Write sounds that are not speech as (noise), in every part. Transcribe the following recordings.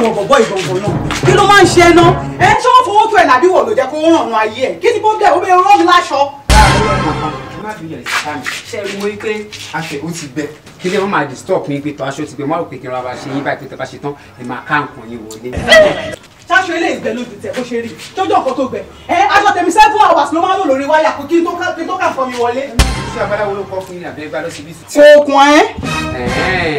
èèwọ̀ bọ̀bọ̀ ìgbọ̀ngàn náà kí ló máa ń ṣe ẹná ẹ ṣé wọ́n fowó tó ẹ̀ làbí wọ̀ ló jẹ́ kó ràn án ayé ẹ̀ kí ni bọ́ọ̀dẹ̀ ó bẹ rán mi láṣọ. aṣọ ó ti bẹ kí lè wọn máa disturb mi pé tó aṣọ ti bẹ wọn á rò pé kí n ra wa ṣe yín báyìí pé tó bá ṣe tán ẹ máa ká nǹkan yín wọlé ṣáṣọ ilé ìgbẹ́ lójú tẹ̀ bó ṣe rí tójú ọ̀kan tó gbẹ ẹ aṣọ tèmi seven hours ló máa ń lò lórí wáyà kí n tó kà fọ́ mi wọlé ṣé abaláwo ló kọ́ fún yín àbẹ́ bá lọ sí bísí. oògùn ẹ.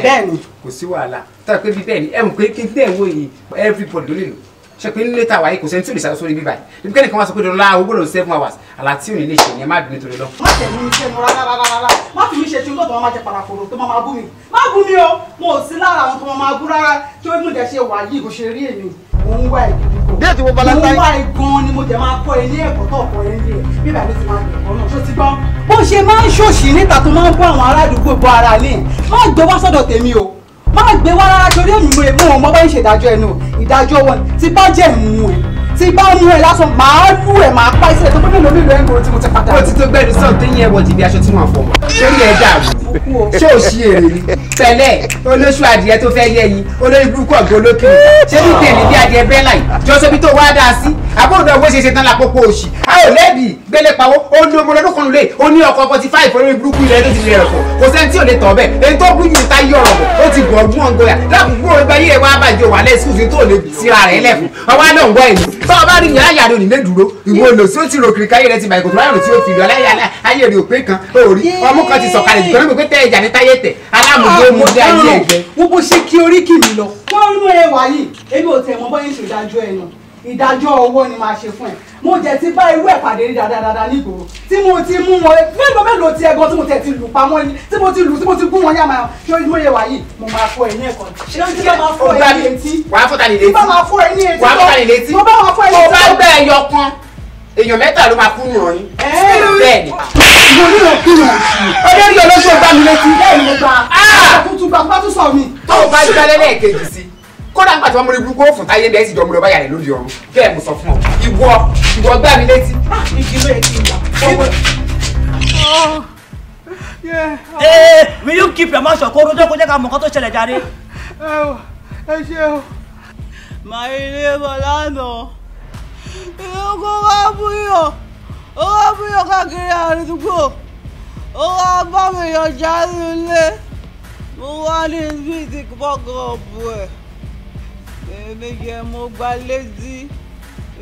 bẹ́ẹ̀ ni. kò sí wàhálà tá a pé bí bẹ́ẹ̀ ni ẹ̀ mú pé kí n tẹ̀ wọ yìí everybody ló lè lò ṣe pé nílé tàwa yìí kò sẹ́ni tí ò lè ṣàkóso níbí báyìí níbi kẹ́ni kan wá sọ pé dọ́là owó gbọ́dọ̀ seven hours àlá tí ò ní lè ṣe ìyẹn má bínú torí lọ. má tẹ̀lé mi sẹ́nu rárá rárá rárá má fi mi ṣe tí n gbọ́dọ̀ máa jẹ paraforo tó máa bú mi má bú mi o mo ò sí lára àwọn tó máa bú rárá tí ó mú ìdẹ́sẹ̀ wà yìí kò ṣe rí èmi ń wá ìgidi kò. déètì wo mo wá igun ni mo jẹ máa kọ ilé ẹ̀kọ́ tó kọ ilé ẹ̀ bíbá ti máa bẹ̀ ọ̀nà ṣó ti gbọ́n. bó ṣe máa ń ṣòṣì níta tó máa ń bọ àwọn ará àdúgbò ara ní má gbé wá sọ́dọ̀ tèmi o má gbé wá rárá torí èmi mo lè mú wọn mọ́ bá ń ṣèdájọ́ ẹnu ìdájọ́ wọn ti bá jẹ́ mú ẹ tí bá mú ẹ lásán màá lù ẹ màá pa ìṣẹ̀lẹ̀ tó gbẹ́dọ̀ lómi lọ ẹ̀ ń gbòòrò tí mo ti ṣé o ṣí èrè ni pẹ̀lẹ́ olóṣù adìẹ tó fẹ́ yẹ yìí olórí burúkú ọ̀gbọ́n olókè ṣé ní tèmi bí adìẹ bẹ́ẹ̀ láì jọ́sọ́ bí tó wá dáa sí àbóòdù ọgbọ́n ṣe ṣe tán lápòpọ̀ òṣì a ò lẹ́bi gbélé pawó ó ní ọmọ ọlọ́dún kan lulẹ̀ ó ní ọkọ̀ forty five olórí burúkú ilẹ̀ tó ti rẹ̀ ọ̀pọ̀ kò sẹ́ni tí ò lè tọ̀ bẹ́ẹ̀ èyí tó bú yìí ta yí ọ̀rọ̀ bọ̀ ó ti bọ̀ ọgbọ́n ọgbọ́n yà lákòókò ìgbà yìí ẹ̀ wá bàjẹ́ wà lẹ́sùn sí tó lè síra rẹ̀ lẹ́fun ọwọ́ náà ń gbọ́ ẹ̀yìn tó o bá rí yàrá yàrá òní lè dúró ìwọ lò sí ó ti rò kiri káyé rẹ ti bàyìí kò tó ráyọ̀ tí ó fi lọ aláyàlá ayé rè ó pé kan òòrí ọmú kan tẹ ẹjà ní táyé tẹ aláàmúgbó ah, mú dé ayé ẹgbẹ. wọ́n ṣe kí oríkì mi lọ. wọ́n rún ẹ wáyé èmi ò tẹ̀ mọ́ bọ́yìn ṣe ìdájọ́ ẹ̀ náà ìdájọ́ ọwọ́ ni màá ṣe fún ẹ mo jẹ ti bá irú ẹ pàdé rí dáadáa nígboro tí mo ti mú wọn mélòó mélòó ti ẹ̀gbọ́n tí mo tẹ ti lù pamọ́ yín tí mo ti lù tí mo ti gún wọn yàmà yàn ṣé ojú mòye wàyí mo máa fọ ẹ̀yìn ẹ̀kọ́ ṣé o ti bá máa fọ ẹ̀yìn etí wàá fọ tani létí wàá fọ tani létí mo bá máa fọ ẹ̀yìn etí tó bá gbẹ ẹyọ èèyàn mẹ́ta ló máa kú nù ọyìn. bẹ́ẹ̀ ni. mo ní ìrọ̀ kí wọn. olórí olóṣù gbà mí létí. bẹ́ẹ̀ mo gbà. Ah! tuntun gbà pátú sọ mi. tó o bá gbálẹ́ lẹ́ẹ̀kejì sí kódà ń pàtó ọmọ rẹ burúkú táyé bẹ́ẹ̀ sì jọ ọmọ rẹ báyà lórí ọrùn bẹ́ẹ̀ mo sọ fún ọ ìwọ ìwọ ah, gbà mí létí. ee will you keep your mouth shut kó rojọ́ kó jẹ́ ká mọ̀ nǹkan tó ṣẹlẹ̀ jáde. ẹ ṣe màá ilé bọ̀ lánàá kó wá búyọ̀ ó wá káàkiri àdúgbò ó wá bá mo wá ní bíìtì pọ́kọ̀ọ̀bù ẹ̀ èmi yẹ mo gba létí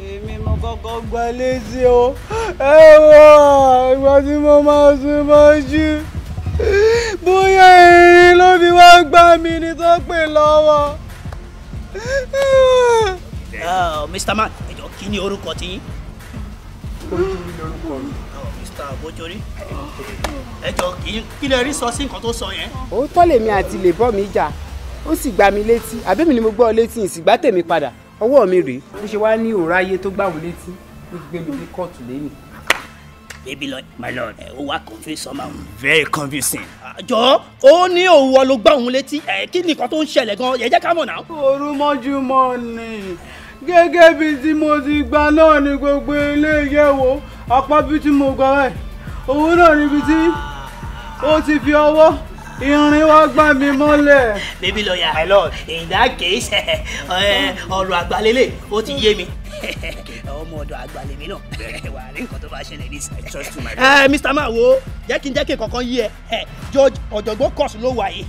èmi mo kọ́kọ́ gba létí o ẹ wọ ìgbà tí mo máa sún máa jí bóyá erin ló fi wá gbá mi ni tó pè lọ́wọ́. Mr. Man kí ni orúkọ ti yín. Ojórí Mr. Ojórí. Ẹ jọ kí lẹ rí sọ sí nǹkan tó sọ yẹn. Òótọ́ lèmi àti lè bọ́ mi jà ó sì gbá mi létí àbẹ́mi ni mo gbọ́ létí ìsìgbà tèmi padà ọwọ́ mi rèé ó ṣe wá ní òòrá ayé tó gbàwó létí ó gbé mi ní kóòtù lẹ́yìn. baby lord my lord ẹ o wa confuse somehow. very convincing. Ah, jọ ó ní òwò ló gbá òun létí ẹ kí nìkan tó ń ṣẹlẹ̀ gan-an ẹ ká mọ̀ náà. orúmọ́júmọ́ ni. gẹ́gẹ́ bí tí mo ti gba náà ni gbogbo ilé iye wo bí tí mo gbà báyìí òun náà níbi tí ó ti fi ọwọ́ irin wa gbá mi mọ́lẹ̀. baby lawyer my lord in that case (laughs) ọ̀rọ̀ àgbàlélẹ̀ ó ti yé mi (laughs) ọmọ ọ̀dọ̀ àgbàlèmí náà (laughs) wà ní nǹkan tó bá ṣẹlẹ̀ ní sàyẹn. trust you my lord. Eh, mr mawo jẹ́ kí n jẹ́ kí n kankan yé ẹ eh, george ọ̀jọ̀gbọ́n kọ̀ọ̀sì ló wà yìí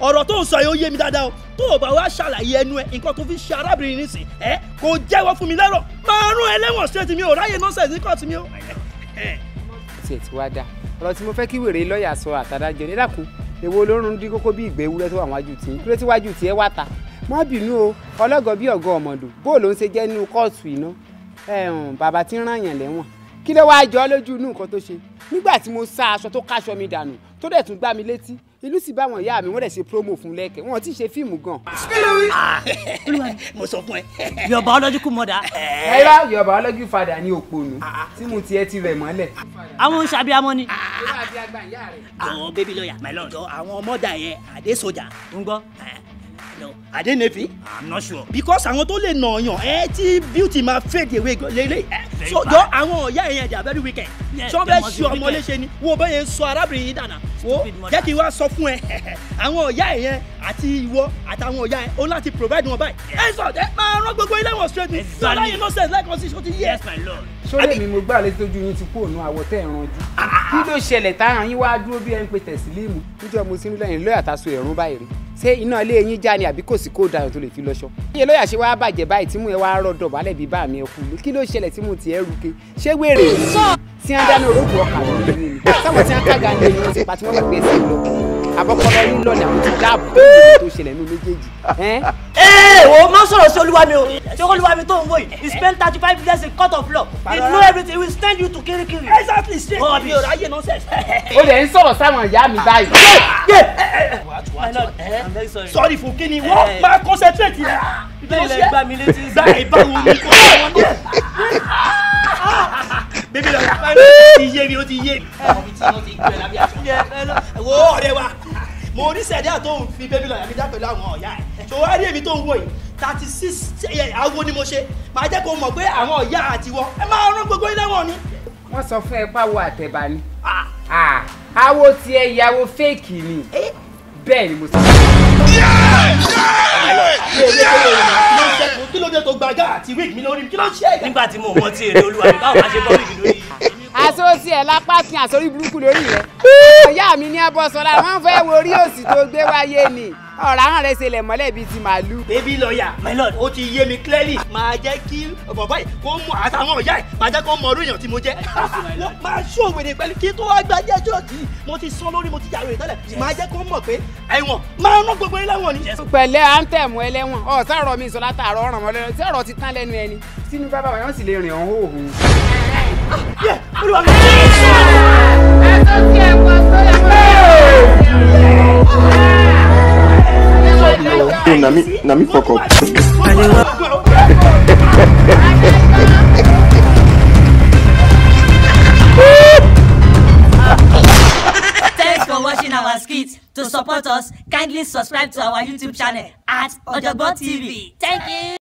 ọ̀rọ̀ tó ń sọ yìí ó yé mi dáadáa o tó o bá wá ṣàlàyé ẹnu ẹ nǹkan tó fi ṣe arábìnrin nísìn ẹ eh, kò jẹ́wọ́ fún mi lẹ́rọ̀ máa rún ẹlẹ́wọ̀n straight mi ò ráyè nonsense ní kóòtù mi o. tiẹ̀ ti wá dáa ọ̀rọ̀ tí mo fẹ́ kí wèrè lọ́ọ̀yà sọ àtàdájọ́ nílàkùn èwo olórun dín kókó bí ìgbẹ́ ewúrẹ́ tó wà wájú tí kúrẹ́ tí wájú tí ẹ wá ta má bínú o ọlọ́gọ̀ bí ọ̀gọ́ ọ̀mọ̀dò bóòlù ń ṣe jẹ́ nínú kóòtù iná bàbá tí ń ràn yàn lẹ́wọ̀n kí ló wáá jọ lójú inú nǹkan tó ṣe nígbà tí mo sá aṣọ tó káṣọ mi dànù tó dẹ̀ tún gbá mi létí ìlú sì bá wọn ìyá mi wọ́n dẹ̀ ṣe promo fún lẹ́kẹ̀ wọ́n ti ṣe fíìmù gan. mo sọ fún ẹ. your biological mother. ẹ bá your biological father ní òpònú tí mo tiẹ̀ ti rẹ̀ mọ́lẹ̀. àwọn oṣàbí amọ́ ni. àwọn bébí lọ́ọ̀yà my àwọn ọmọdà yẹn àdé sójà. ń gbọ́. No. Are they I'm not sure. Because àwọn tó lè nà yàn ẹ tí beauty máa fade away gan So jọ àwọn ọ̀yá yẹn they are very wicked. Sọ bẹ́ẹ̀ ṣe ọmọ léṣe ni wo bẹ́ẹ̀ yẹn sọ arábìnrin yìí dànà. Wo jẹ́ kí n wá sọ fún ẹ. (laughs) Àwọn ọ̀yá yẹn àti ìwọ àtàwọn ọ̀yá yẹn o láti provide wọn báyìí. Ẹ sọ ẹ máa rán gbogbo ilé wọn straight ni. Sọ láyé no sense lẹ́ẹ̀kan sí ṣó ti yẹ. Yes my lord. Sọ́lé mi mo gbà létí ojú yín ti kú òun àwọ̀ tẹ́ ẹ̀ ranjú. Ah, ah, ah. Kí ló ṣẹlẹ̀ táyà yín wá dúró bí ẹ ń pe tẹ̀sílíìmù? Níjọ́ mo sí nílẹ̀ yìí lọ́yà tá a so ẹ̀rún báyìí rí ṣé iná ilé yín já ni àbí kò sí kó dayọ̀ tó lè fi lọ́ṣọ́. iye lọ́yà ṣe wáá bàjẹ́ báyìí tí mú ẹ wá rọ̀ dọ̀bálẹ̀ bí bá mi ẹ kú kí ló ṣẹlẹ̀ tí mú tiẹ̀ ruke ṣé wèrè tí wọ́n dáná orókù ọkà lórí mi sáwọn tí wọ́n kága ní ẹni wọ́n ti pa tí wọ́n mọ̀ pé sí lọ abọ́kọ́lọ́ yín lọ́nà àwọn ti dáàbò tó ṣẹlẹ̀ ní méjèèjì. ẹ o má sọ̀rọ̀ sí olúwa mi o ṣé olúwa mi tó ń wò yìí he spent thirty five years in court of law he know everything he will stand you to kirikiri. exactly ṣe é ọ̀bí ọ̀rọ̀ ayé nonsense. o lè ń sọ̀rọ̀ sáwọn ìyá mi báyìí sorry. sorry fún kí ni wọ́n máa concentrate yẹn. bẹ́ẹ̀ lẹ gbá mi létí. gba ìbáwo mi kò tó wọn yẹ. bébí lọ fún mi ó ti yé mi ó ti yé mi. ọmọ mi ti yọ ti gbẹ lábẹ́ àtúntò. wo ọ̀rẹ́ wa mo rí sẹ̀dá tó ń fi bébí lọ yàrá mi dá pẹ̀lú àwọn ọ̀yá ẹ̀ tó wá rí èmi tó ń wò yìí awo ni mo ṣe máa jẹ́ kó mọ̀ pé àwọn ọ̀yá àtiwọ́ ẹ máa rán gbogbo ilé wọn ni. wọ́n sọ fún ẹ pàwọ́ àtẹ̀bà ni àwo tiẹ̀ ìyàwó fẹ́ẹ̀kì ni bẹ́ẹ̀ ni mo sọ. nígbà tí mo mọ tí èrè olúwa mi báwo máa ṣe bọ́ wíìgì lórí rẹ̀ lápá ti àsórí burúkú lórí rẹ̀. ìyá mi ní ẹbọ sọlá wọn fẹ́ wo orí òsì tó gbé wáyé ni ọ̀rọ̀ àwọn rẹ̀ ṣẹlẹ̀ mọ́lẹ̀ bíi ti màálù. baby lawyer my lord ó ti yé mi clearly máa jẹ́ kí bàbá yìí kó mọ àtàwọn ọ̀yá ẹ̀ máa jẹ́ kó mọ ọdún èèyàn tí mo jẹ́. máa ṣó òwèrè pẹ̀lú kí tó wá gbajẹ́ jọ́ọ̀tì mo ti sọ lórí mo ti yàrá ìtọ́lẹ̀ máa jẹ́ kó mọ̀ pé ẹ̀wọ̀n máa rán gbogbo ẹlẹ́wọ̀n ni. pẹ̀lẹ́ à ń tẹ̀mú ẹlẹ́wọ̀n ọ̀ sọ̀rọ̀ mi sọ látàárọ̀ ọ̀ràn mọ́lẹ́rọ̀ sí ọ̀rọ̀ ti tán lẹ́nu ẹni sínú bábà wọn sì lè rìn ọ̀hún òhun. Nami, Nami, fuck up. Thanks for watching our skits. To support us, kindly subscribe to our YouTube channel at Ojogbon TV. Thank you.